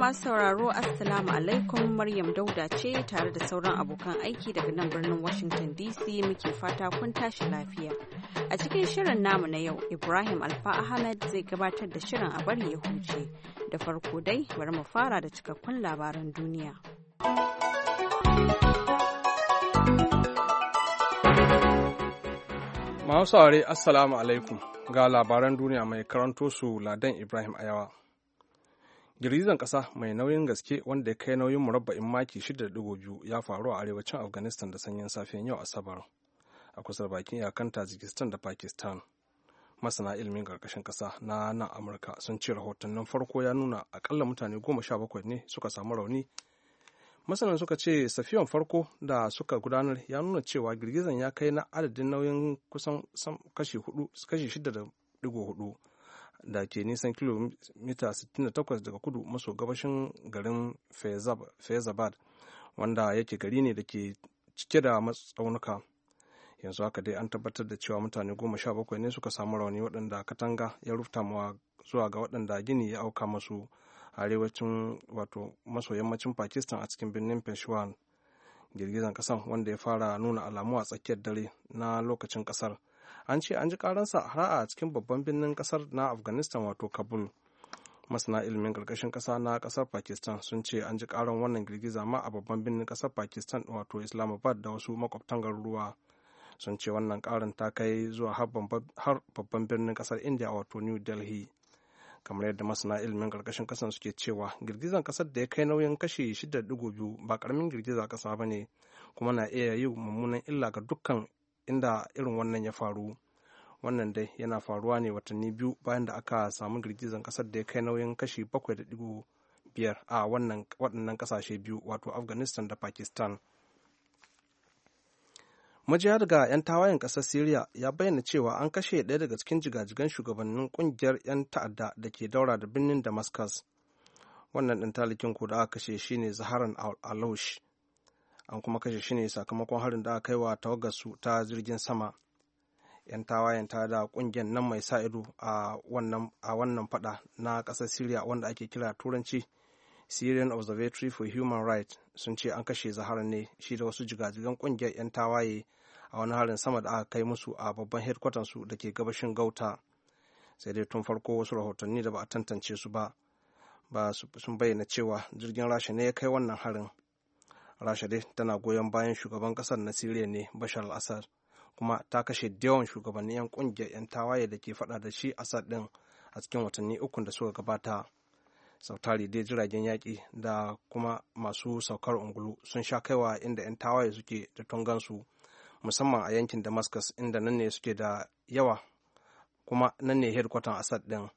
masu sauraro Assalamu alaikum Maryam Dauda ce tare da sauran abokan aiki daga nan birnin Washington DC muke fata kun tashi lafiya. A cikin shirin namu na yau, Ibrahim Alfa Ahmed zai gabatar da shirin a bari ya huce. Da farko dai, bari mu fara da cikakkun labaran duniya. Masu saurare Assalamu alaikum ga labaran duniya mai karanto su Ladan Ibrahim Ayawa. girgizan kasa mai nauyin gaske wanda ya kai nauyin murabba'in maki 6.2 ya faru a arewacin afghanistan da sanyin safiyan yau asabar a kusa bakin iyakan tajikistan da pakistan masana ilimin karkashin kasa na nan amurka sun ce rahotannin farko ya nuna akalla mutane goma sha bakwai ne suka samu rauni masana suka ce safiyan farko da suka gudanar ya nuna cewa girgizan ya kai na adadin nauyin kusan kashi 6.4 da ke nisan kilomita 68 daga kudu maso gabashin garin Fezabad wanda yake gari ne da ke cike da matsaunuka. Yanzu haka dai an tabbatar da cewa mutane goma sha bakwai ne suka samu rauni waɗanda katanga ya rufta zuwa ga waɗanda gini ya auka masu arewacin wato maso yammacin Pakistan a cikin birnin Peshawar. Girgizan ƙasan wanda ya fara nuna alamu a tsakiyar dare na lokacin ƙasar. an ce an ji karansa har a cikin babban birnin kasar na afghanistan wato kabul masana ilimin karkashin kasa na kasar pakistan sun ce an ji karan wannan girgiza ma a babban birnin kasar pakistan wato islamabad da wasu makwabtan garuruwa sun ce wannan karin ta kai zuwa har babban birnin kasar india wato new delhi kamar yadda masana ilimin karkashin kasan suke cewa girgizan kasar da ya kai nauyin kashi 6.2 ba karamin girgiza kasa ba ne kuma na iya yi mummunan illa ga dukkan inda irin wannan ya faru wannan dai yana faruwa ne watanni biyu bayan da aka samu girgizan kasar da ya kai nauyin kashi biyar a waɗannan ƙasashe biyu wato afghanistan da pakistan majiya daga 'yan tawayen ƙasar syria ya bayyana cewa an kashe ɗaya daga cikin jigajigan shugabannin ƙungiyar 'yan ta'adda da ke daura da birnin damascus wannan ɗan talikin ko da aka kashe shine zaharan alush an kuma kashe shi ne sakamakon harin da aka kai wa su ta jirgin sama yan tawayen ta da kungiyar nan mai sa ido a wannan fada na kasar syria wanda ake kira turanci syrian observatory for human rights sun ce an kashe zaharar ne shi da wasu jigajigan kungiyar yan tawaye a wani harin sama da aka kai musu a babban su da ke gabashin gauta sai dai tun farko wasu rahotanni da ba a tantance su ba ba sun bayyana cewa jirgin rasha ne ya kai wannan harin rasha dai tana goyon bayan shugaban kasar na siriya ne bashar al-assad kuma ta kashe yawan shugabannin 'yan kungiyar 'yan tawaye da ke fada da shi assad din a cikin watanni uku da suka gabata sautari dai jiragen yaƙi da kuma masu saukar ungulu sun sha kaiwa inda 'yan tawaye suke da tungansu musamman a yankin damascus inda nan ne suke da yawa kuma nan ne hedkwatan asad din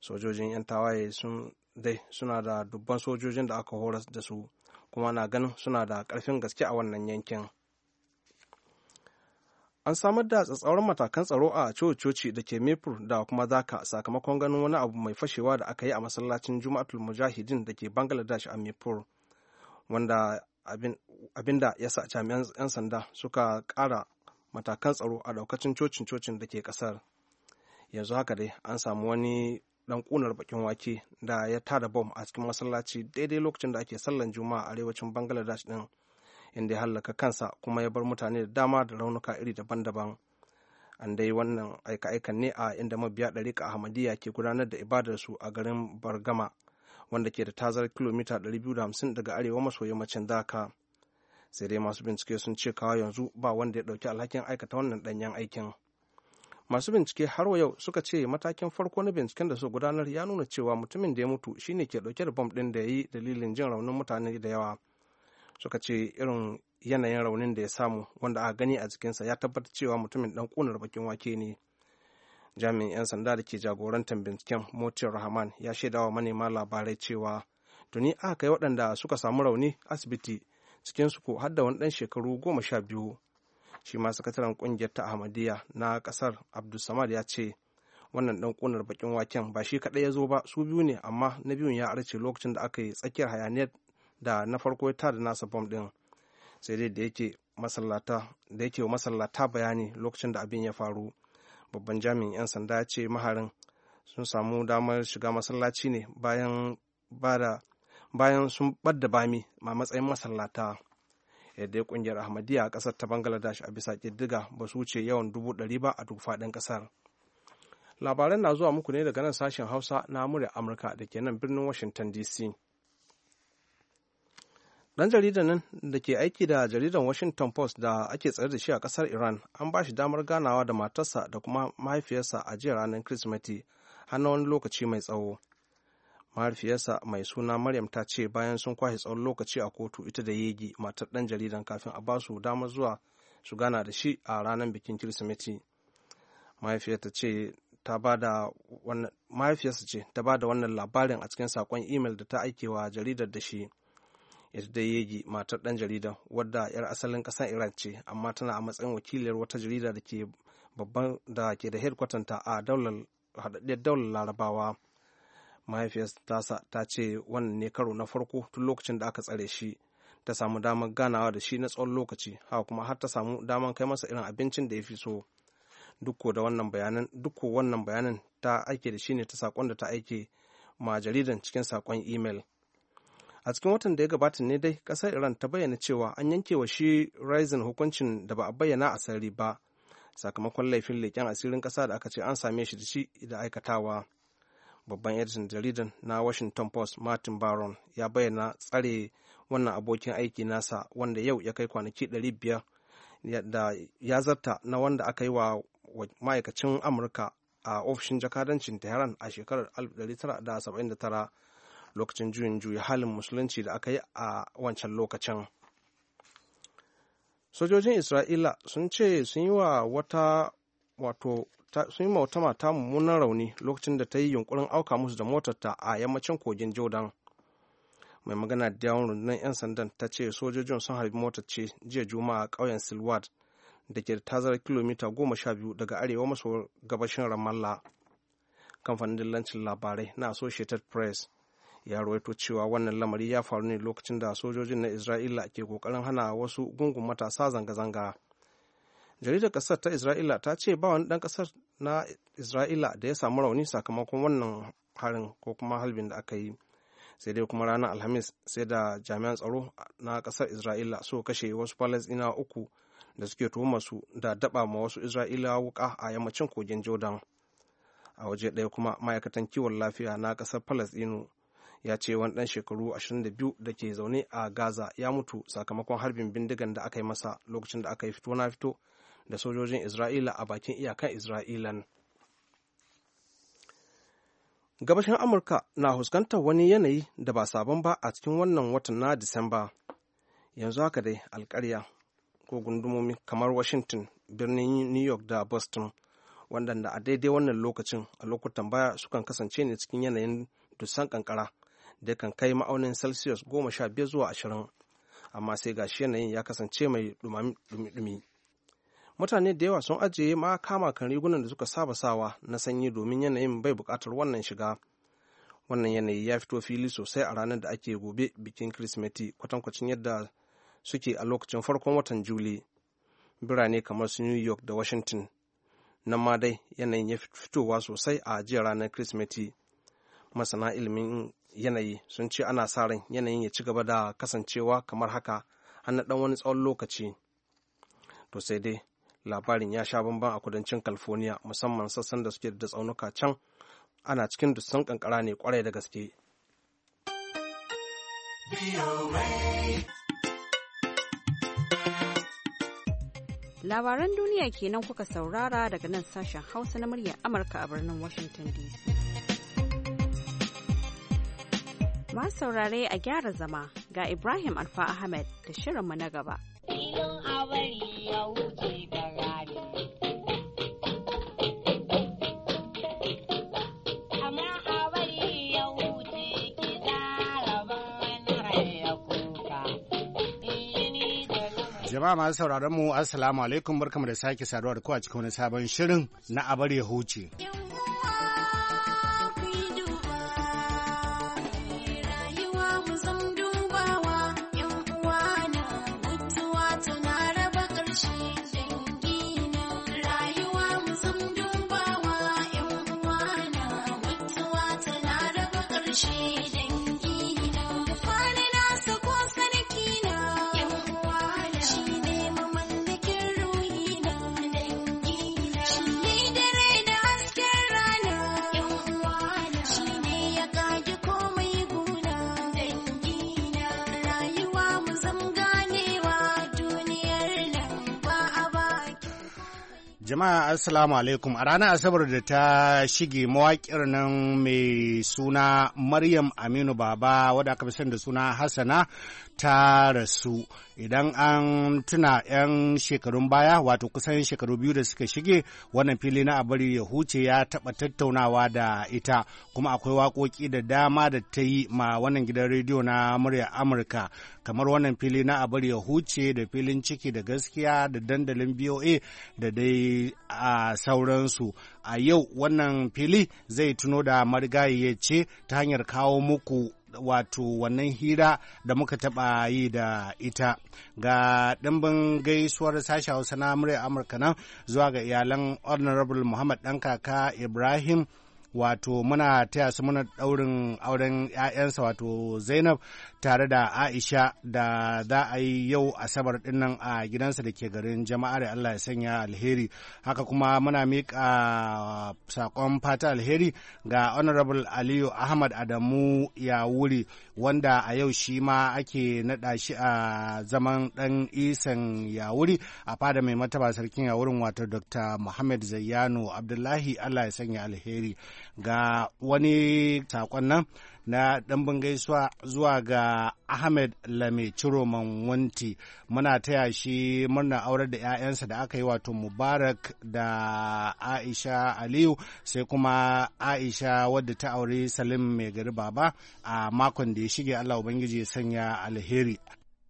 sojojin 'yan tawaye sun dai suna da dubban sojojin da aka horas da su kuma na ganin suna da ƙarfin gaske a wannan yankin an samar da tsatsauran matakan tsaro a coci da ke mefur da kuma zaka sakamakon ganin wani abu mai fashewa da aka yi a masallacin juma'atul mujahidin da ke bangladesh a mefur wanda da ya sa jami'an 'yan sanda suka ƙara matakan tsaro a daukacin cocin cocin da ke ƙasar yanzu haka dai an samu wani dan kunar bakin wake da ya tara bom a cikin masallaci daidai lokacin da ake sallan juma'a a arewacin bangladesh din inda ya hallaka kansa kuma ya bar mutane da dama da raunuka iri daban-daban an dai wannan aika-aikan ne a inda mabiya ka ahmadiyya ke gudanar da ibadarsu a garin bargama wanda ke da tazar kilomita 250 daga arewa maso yammacin dhaka sai dai masu bincike sun ce kawo yanzu ba wanda ya ɗauki alhakin aikata wannan ɗanyen aikin masu bincike har yau suka ce matakin farko na binciken da su gudanar ya nuna cewa mutumin da ya mutu shine ke dauke da bom din da ya yi dalilin jin raunin mutane da yawa suka ce irin yanayin raunin da ya samu wanda a gani a jikinsa ya tabbatar cewa mutumin dan kunar bakin wake ne jami'in 'yan sanda da ke jagorantar binciken motin rahman ya shaidawa manema labarai cewa tuni aka kai waɗanda suka samu rauni asibiti cikinsu ko har da wani ɗan shekaru goma sha biyu shi ma sakataren kungiyar ta ahmadiyya na kasar abdulsamad ya ce wannan dan kunar bakin waken ba shi kadai ya zo ba su biyu ne amma na biyun ya arce lokacin da aka yi tsakiyar hayaniyar da na farko ya tada nasa bom din sai dai da yake masallata da yake wa masallata bayani lokacin da abin ya faru babban jami'in 'yan sanda ya ce maharin sun samu damar shiga masallaci ne bayan sun ɓadda bami ma matsayin masallata yadda kungiyar ahmadiyya a kasar ta bangladesh a bisa kiddiga ba su wuce yawan dubu ɗari ba a duk faɗin ƙasar labaran na zuwa muku ne daga nan sashen hausa na murya amurka da ke nan birnin washington dc dan jaridan nan da ke aiki da jaridan washington post da ake tsare da shi a kasar iran an ba shi damar ganawa da matarsa da kuma mahaifiyarsa a jiya ranar kirsimati har wani lokaci mai tsawo mahaifiyarsa mai suna maryam ta ce bayan sun kwashe tsawon lokaci a kotu ita da yegi matar dan jaridan kafin a basu damar zuwa su gana da shi a ranar bikin kirsimeti mahaifiyarsa ce ta ba da wannan labarin a cikin sakon imel da ta aike wa jaridar da shi ita da yegi matar dan jaridan wadda 'yar asalin ƙasar iran ce amma tana a matsayin wakiliyar wata jarida da ke babban da ke da hedkwatanta a daular daular larabawa mahaifiyar tasa ta ce wannan ne karo na farko tun lokacin da aka tsare shi ta samu damar ganawa da shi na tsawon lokaci haka kuma har ta samu damar kai masa irin abincin da ya fi so dukko da wannan bayanan dukko wannan bayanan ta aike da shi ne ta sakon da ta aike ma jaridan cikin sakon email a cikin watan da ya gabata ne dai kasar iran ta bayyana cewa an yanke wa shi rising hukuncin da ba a bayyana a sarari ba sakamakon laifin leƙen asirin ƙasa da aka ce an same shi da shi da aikatawa babban editan jaridan na washington post martin baron ya bayyana tsare wannan abokin aiki nasa wanda yau ya kai kwanaki 500 da ya zarta na wanda aka yi wa ma'aikacin amurka a ofishin jakadancin tehran a shekarar 1979 lokacin juyin juyi halin musulunci da aka yi a wancan lokacin sojojin isra'ila sun ce sun yi wa wata wato sun yi mawata wata mata mummunan rauni lokacin da ta yi yunkurin auka musu da motarta a yammacin kogin jordan mai magana da yawon rundunar 'yan sandan ta ce sojojin sun harbi motar ce jiya juma'a a ƙauyen silwad da ke tazarar kilomita goma sha biyu daga arewa maso gabashin ramallah kamfanin dillancin labarai na associated press ya rawaito cewa wannan lamari ya faru ne lokacin da sojojin na isra'ila ke kokarin hana wasu gungun matasa zanga-zanga jaridar ƙasar ta isra'ila ta ce ba wani ɗan ƙasar. na isra'ila da ya samu rauni sakamakon wannan harin ko kuma halbin da aka yi sai dai kuma ranar alhamis sai da jami'an tsaro na kasar isra'ila suka kashe wasu falasɗinawa uku da suke tuhumar su da daba ma wasu isra'ilawa wuka a yammacin kogin jordan a waje ɗaya kuma ma'aikatan kiwon lafiya na ƙasar palestino ya ce wani ɗan shekaru 22 da ke zaune a gaza ya mutu sakamakon harbin bindigan da aka yi masa lokacin da aka yi fito na fito da sojojin isra'ila a bakin iyakan isra'ilan gabashin amurka na huskantar wani yanayi da ba sabon ba a cikin wannan watan na disamba yanzu haka dai alkarya ko gundumomi kamar washington birnin new york da boston waɗanda a daidai wannan lokacin a lokutan baya sukan kasance ne cikin yanayin dusan ƙanƙara da kan kai ma'aunin celsius goma sha biyar zuwa ashirin amma sai gashi yanayin ya kasance mai dumi-dumi mutane da yawa sun ajiye ma kama kan rigunan da suka saba sawa na sanyi domin yanayin bai bukatar wannan shiga wannan yanayi ya fito fili sosai a ranar da ake gobe bikin kirsimeti kwatankwacin yadda suke a lokacin farkon watan juli birane kamar su new york da washington nan ma dai yanayin ya fitowa sosai a jiya ranar kirsimeti masana ilimin yanayi sun ce ana sa ran yanayin ya ci gaba da kasancewa kamar haka har na dan wani tsawon lokaci to sai dai labarin ya sha bamban a kudancin california musamman sassan da suke da tsaunuka can ana cikin dusan kankara ne kwarai da gaske labaran duniya kenan kuka saurara daga nan sashen hausa na muryar amurka a birnin washington dc masu saurare a gyara zama ga ibrahim alfa ahmed da mu na gaba. Jama'a masu sauraron mu Assalamu alaikum barkamu da sake saduwa da ku a cikin wani sabon shirin na abar ya huce. Jama'a Assalamu alaikum a ranar Asabar da ta shige mawaƙir nan mai suna Maryam Aminu Baba wadda aka fi da suna Hassana ta rasu. idan an tuna 'yan shekarun baya wato kusan shekaru biyu da suka shige wannan fili na abari ya huce ya taɓa tattaunawa da ita kuma akwai waƙoƙi da dama da ta yi ma wannan gidan rediyo na murya amurka kamar wannan fili na abari ya huce da filin ciki da gaskiya da dandalin boa da dai a sauransu a yau wannan fili zai tuno da marigayi ya ce ta hanyar kawo muku wato wannan hira da muka taɓa yi da ita ga ɗimbin gaisuwar sashi hausa na murya amurka nan zuwa ga iyalan honorable muhammad ɗan kaka ibrahim wato muna taya su muna daurin auren 'ya'yansa wato zainab tare da aisha da za a yi yau asabar dinnan a gidansa da ke garin jama'ar allah ya sanya alheri haka kuma muna mika sakon fata alheri ga honorable aliyu ahmad adamu ya wuri wanda a yau shi ma ake naɗa shi a zaman ɗan isan ya wuri a fada mai mataba sarkin ya wurin wato dr muhammad zayyano abdullahi allah ya sanya alheri ga wani sakon nan na ɗan gaisuwa zuwa ga Ahmed Lame Ciroman Wanti muna taya shi murna aurar da 'ya'yansa da aka yi wato Mubarak da Aisha Aliyu sai kuma Aisha wadda ta auri Salim mai gari baba a makon da ya shige Allah Ubangiji ya sanya alheri.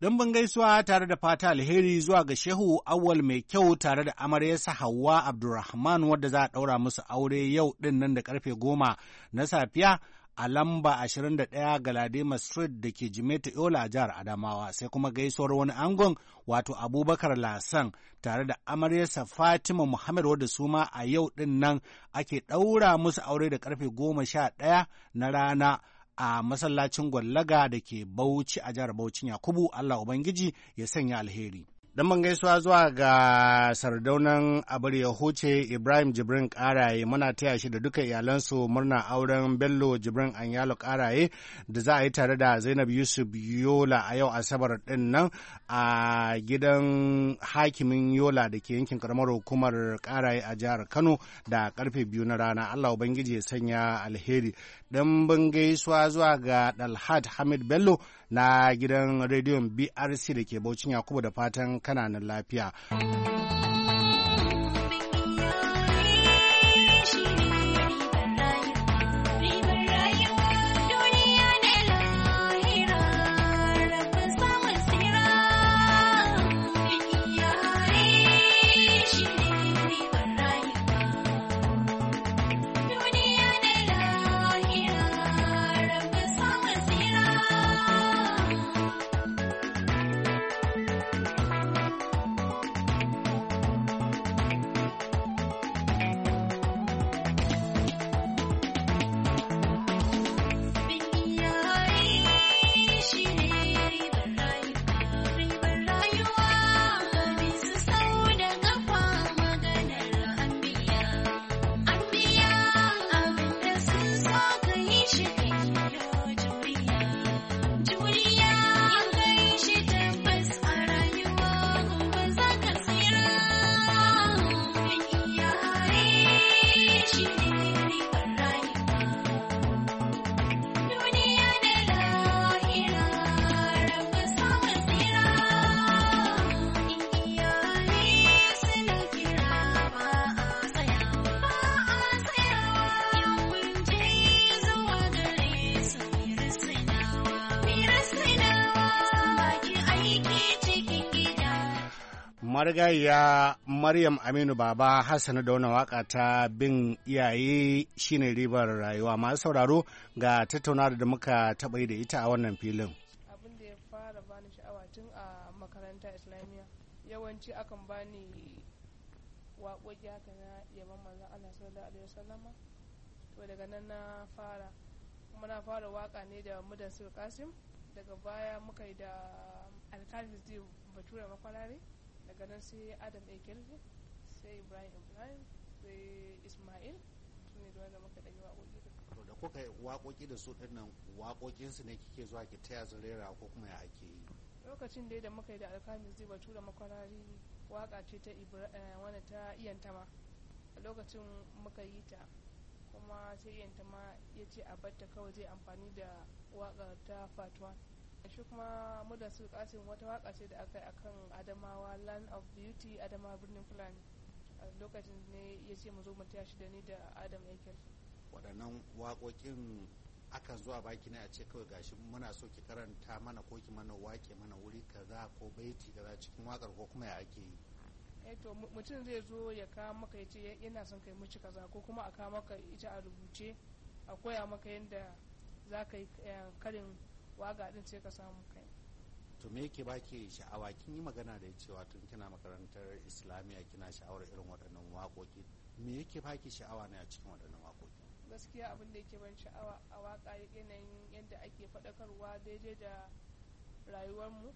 Ɗimbin gaisuwa tare da fata alheri zuwa ga Shehu Awal mai kyau tare da amaryarsa Hauwa Abdulrahman wadda za a ɗaura musu aure yau din nan da karfe goma na safiya a lamba 21 Galadima Street da ke Jimeta Yola a jihar Adamawa sai kuma gaisuwar wani angon wato Abubakar Lasan tare da amaryarsa Fatima Muhammad wadda su ma a yau din nan ake ɗaura musu aure da karfe goma sha ɗaya na rana a masallacin gwallaga da ke Bauchi a jihar Bauchin Yakubu Allah Ubangiji ya sanya alheri. Dan ban gaisuwa zuwa ga sardaunan abar Yahuce Ibrahim Jibrin Karaye muna taya shi da duka iyalansu murna auren Bello Jibrin Anyalo Karaye da za a yi tare da Zainab Yusuf Yola a yau Asabar din nan a gidan hakimin Yola da ke yankin karamar hukumar Karaye a jihar Kano da karfe biyu na rana. Allah Ubangiji ya sanya alheri. ɗimbin gaisuwa zuwa ga dalhad Hamid Bello na gidan rediyon BRC da ke Baucin Yakubu da fatan kananan lafiya. marigayya Maryam Aminu Baba Hassan da wani waka ta bin iyaye shine ribar rayuwa masu sauraro ga tattauna da muka taɓa da ita a wannan filin. Abin da ya fara bani sha'awa tun a makaranta Islamiyya yawanci akan bani waƙoƙi haka na yaban manzon Allah sallallahu alaihi to daga nan na fara kuma na fara waka ne da Mudassir Kasim daga baya muka yi da Alkalin zai Bature Makwarare daga nan sai adam a girbi sai ibrahim ibrahim sai ismail su ne da wanda muka ɗanyi waƙoƙi da da kuka waƙoƙi da su ɗin nan waƙoƙinsu ne kike zuwa ki taya su rera ko kuma ya ake yi lokacin dai da muka yi da alkamin zai batu da makwarari waƙa ce ta eh, wani ta iyantama a lokacin muka yi ta kuma sai iyantama ya ce a batta kawai zai amfani da waƙa ta fatuwa shi kuma muda su kasin wata waka ce da aka yi akan adamawa land of beauty adama birnin fulani a lokacin ne ya ce mu zo mu taya shi da ni da adam yakel waɗannan waƙoƙin akan zuwa baki ne a ce kawai gashi muna so ki karanta mana ko ki mana wake mana wuri kaza ko baiti kaza cikin wakar ko kuma ya ake yi eh to mutum zai zo ya kawo maka ya ce yana son kai mace kaza ko kuma a kawo maka ita a rubuce a koya maka yadda za ka yi eh, karin waga din ce ka samu kai to me yake baki sha'awa kin yi magana da cewa tun kina makarantar islamiyya kina sha'awar irin waɗannan waƙoƙi me yake baki sha'awa na cikin waɗannan waƙoƙi gaskiya abin da yake ban sha'awa a waƙa yanayin yadda ake faɗakarwa daidai da rayuwarmu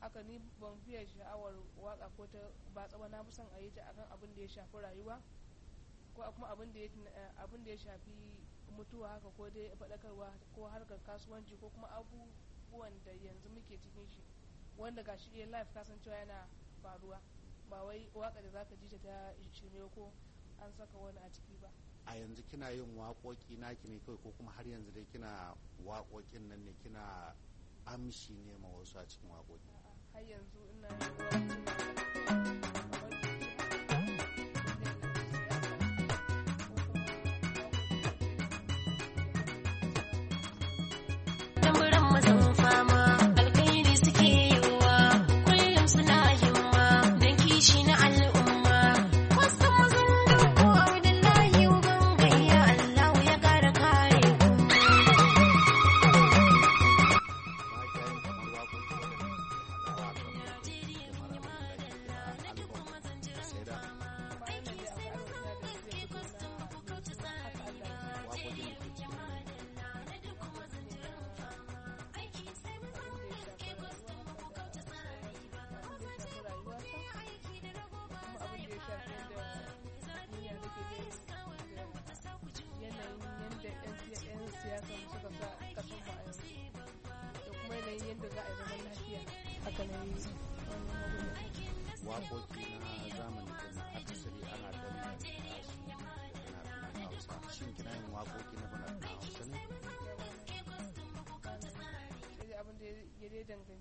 haka ni ban fiye sha'awar waka ko ta ba tsawa na fi son a yi ta akan abin da ya shafi rayuwa ko kuma abin da ya shafi mutuwa haka ko dai faɗakarwa ko harkar kasuwanci ko kuma abubuwan da yanzu muke cikin shi wanda ga shi kasan cewa yana faruwa ba wai waka da zaka ji ta ta shirme ko an saka wani a ciki ba a yanzu kina yin waƙoƙi naki ne kawai ko kuma har yanzu dai kina waƙoƙin nan ne kina amshi ne ma wasu a cikin waƙoƙi har yanzu ina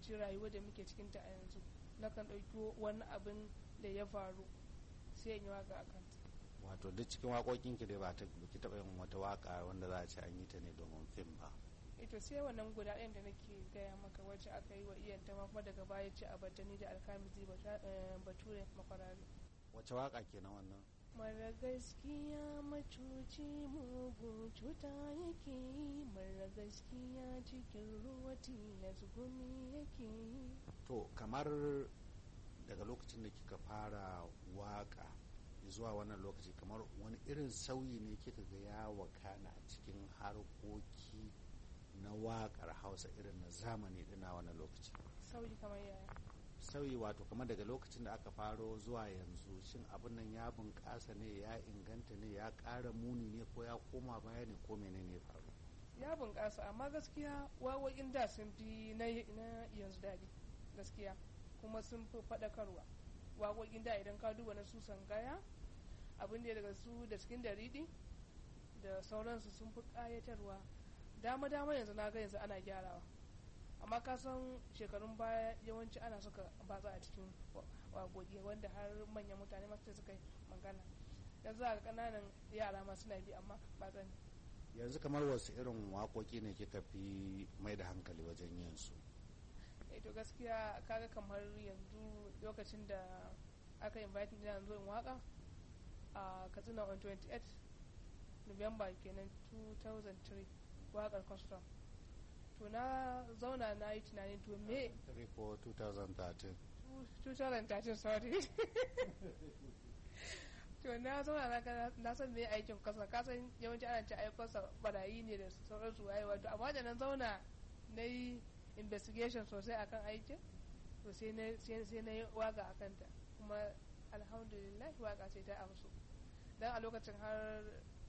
cikin rayuwa da muke ta a yanzu na kan ɗauki wani abin da ya faru sai in yi waka a kanta wato duk cikin waƙoƙin ki dai ba ta ki taɓa yin wata waka wanda za a ce an yi ta ne domin fim ba ita eh sai wannan guda ɗayan da nake gaya maka wacce aka yi wa iyan ta kuma daga baya ce a batani da alkamizi eh, bature makwarari wacce waka kenan wannan mara gaskiya macuci mugu cuta yake yi mara gaskiya cikin ruwa tilas gumi yake yi to kamar daga lokacin da kika fara waka zuwa wannan lokaci kamar wani irin sauyi ne kika ga ya wakana a cikin harkoki na waƙar hausa irin na zamani na wannan lokaci sauyi kamar yaya sauyi wato kamar daga lokacin da aka faro zuwa yanzu shin abin nan ya bunƙasa ne ya inganta ne ya ƙara muni ne ko ya koma baya ne ko menene ya faru ya bunƙasa amma gaskiya wawoyin da sun fi na yanzu daɗi gaskiya kuma sun fi faɗakarwa wawoyin da idan ka duba na su sangaya abin da daga su da cikin daridi da sauransu sun fi ƙayatarwa dama dama yanzu na ga yanzu ana gyarawa amma ka san shekarun baya yawanci ana suka batsa a cikin wagogi wanda har manyan mutane masu suka yi magana yanzu a kananan yara ma suna bi amma ba zan yanzu kamar wasu irin waƙoƙi ne kika fi mai da hankali wajen yin su eh to gaskiya kaga kamar yanzu lokacin da aka invite ni yanzu in waka a katsina on 28 november kenan 2003 wakar custom to na zauna na yi tunanin to me report 2013 sorry to na zauna na na san me aikin kasa kasan yawanci ana ce aikonsa barayi ne da sauran su wayewa wato amma da na zauna na yi investigation sosai akan aikin to sai na yi waga a kanta kuma alhamdulillah waka sai ta amsu dan a lokacin har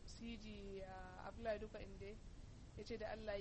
cg a uh, abdullahi duka inda ya ce da allah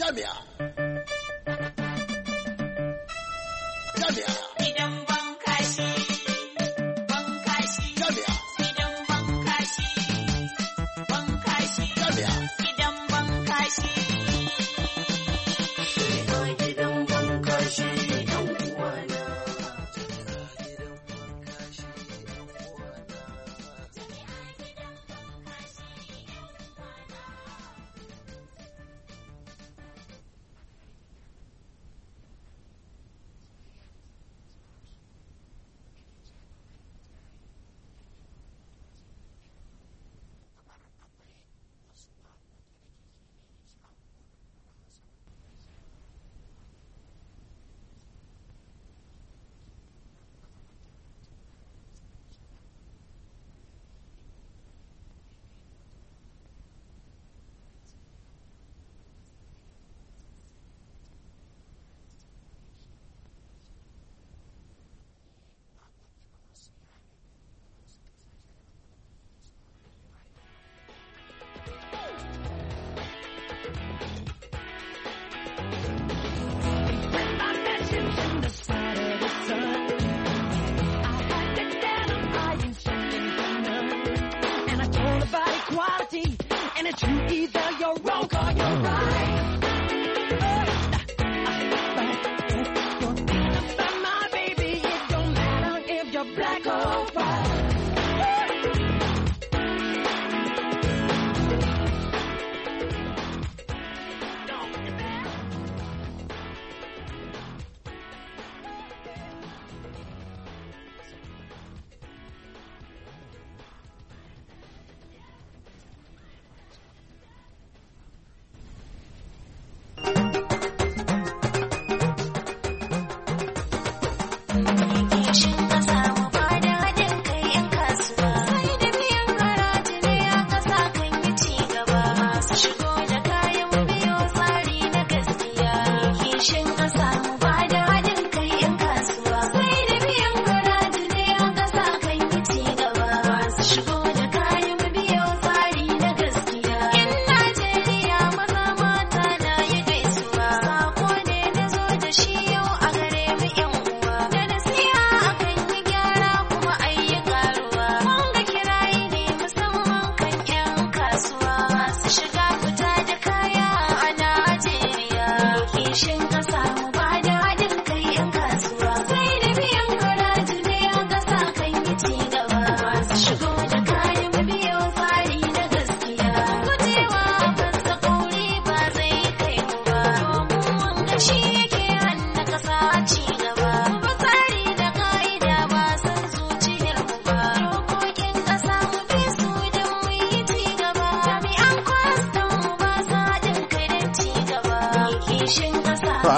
下面，下面。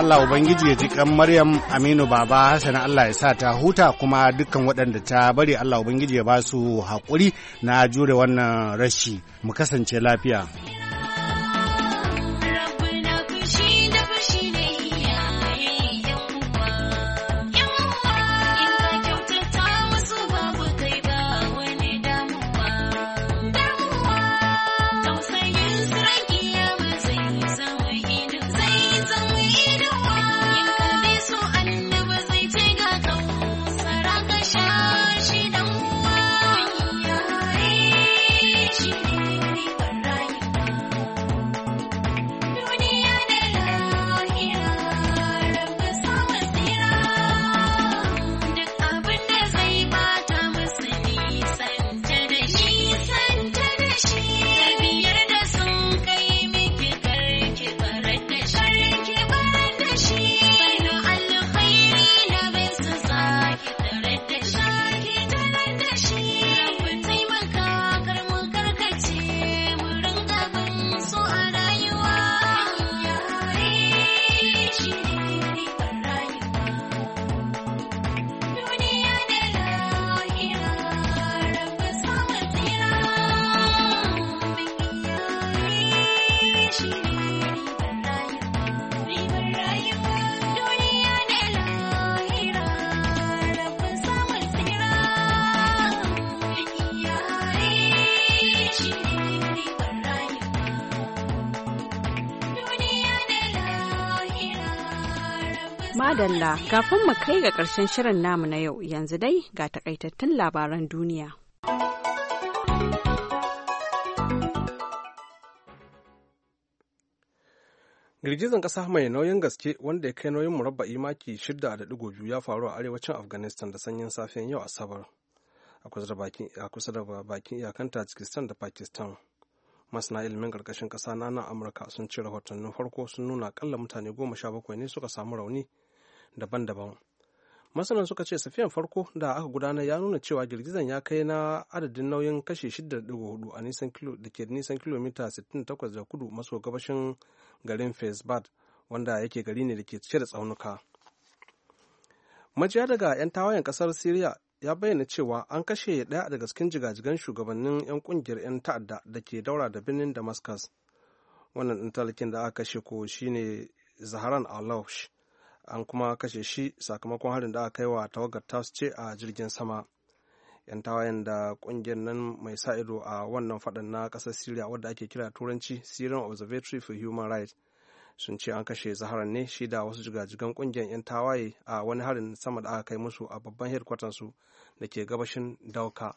Allah Ubangiji ya ji kan Maryam Aminu Baba Hassan Allah ya sa ta huta kuma dukkan waɗanda ta bari Allah Ubangiji ya ba su haƙuri na jure wannan rashi mu kasance lafiya. madalla kafin mu kai ga ƙarshen shirin namu na yau yanzu dai ga takaitattun labaran duniya. girgizan ƙasa mai nauyin gaske wanda ya kai nauyin murabba'i maki shida biyu ya faru a arewacin afghanistan da sanyin safiyan yau asabar a kusa da bakin iyakan tajikistan da pakistan masana ilimin ƙarƙashin ƙasa na nan amurka sun ce rahotannin farko sun nuna akalla mutane goma sha bakwai ne suka samu rauni daban-daban masanan suka ce safiyan farko da aka gudanar ya nuna cewa girgizan ya kai na adadin nauyin kashe 6.4 a nisan kilo da nisan kilomita 68 da kudu maso gabashin garin fesbad wanda yake gari ne da ke cike da tsaunuka majiya daga 'yan tawayen kasar syria ya bayyana cewa an kashe ɗaya daga cikin jigajigan shugabannin 'yan kungiyar 'yan ta'adda da ke daura da birnin damascus wannan ɗin talakin da aka kashe ko shine zaharan alaush an kuma kashe shi sakamakon harin da aka kai wa tawagar tasu ce a jirgin sama yan tawayen da kungiyar nan mai sa ido a wannan faɗan na ƙasar syria wadda ake kira turanci syrian observatory for human rights sun ce an kashe zaharar ne shi da wasu jigajigan kungiyar 'yan tawaye a wani harin sama da aka kai musu a babban su da ke gabashin dauka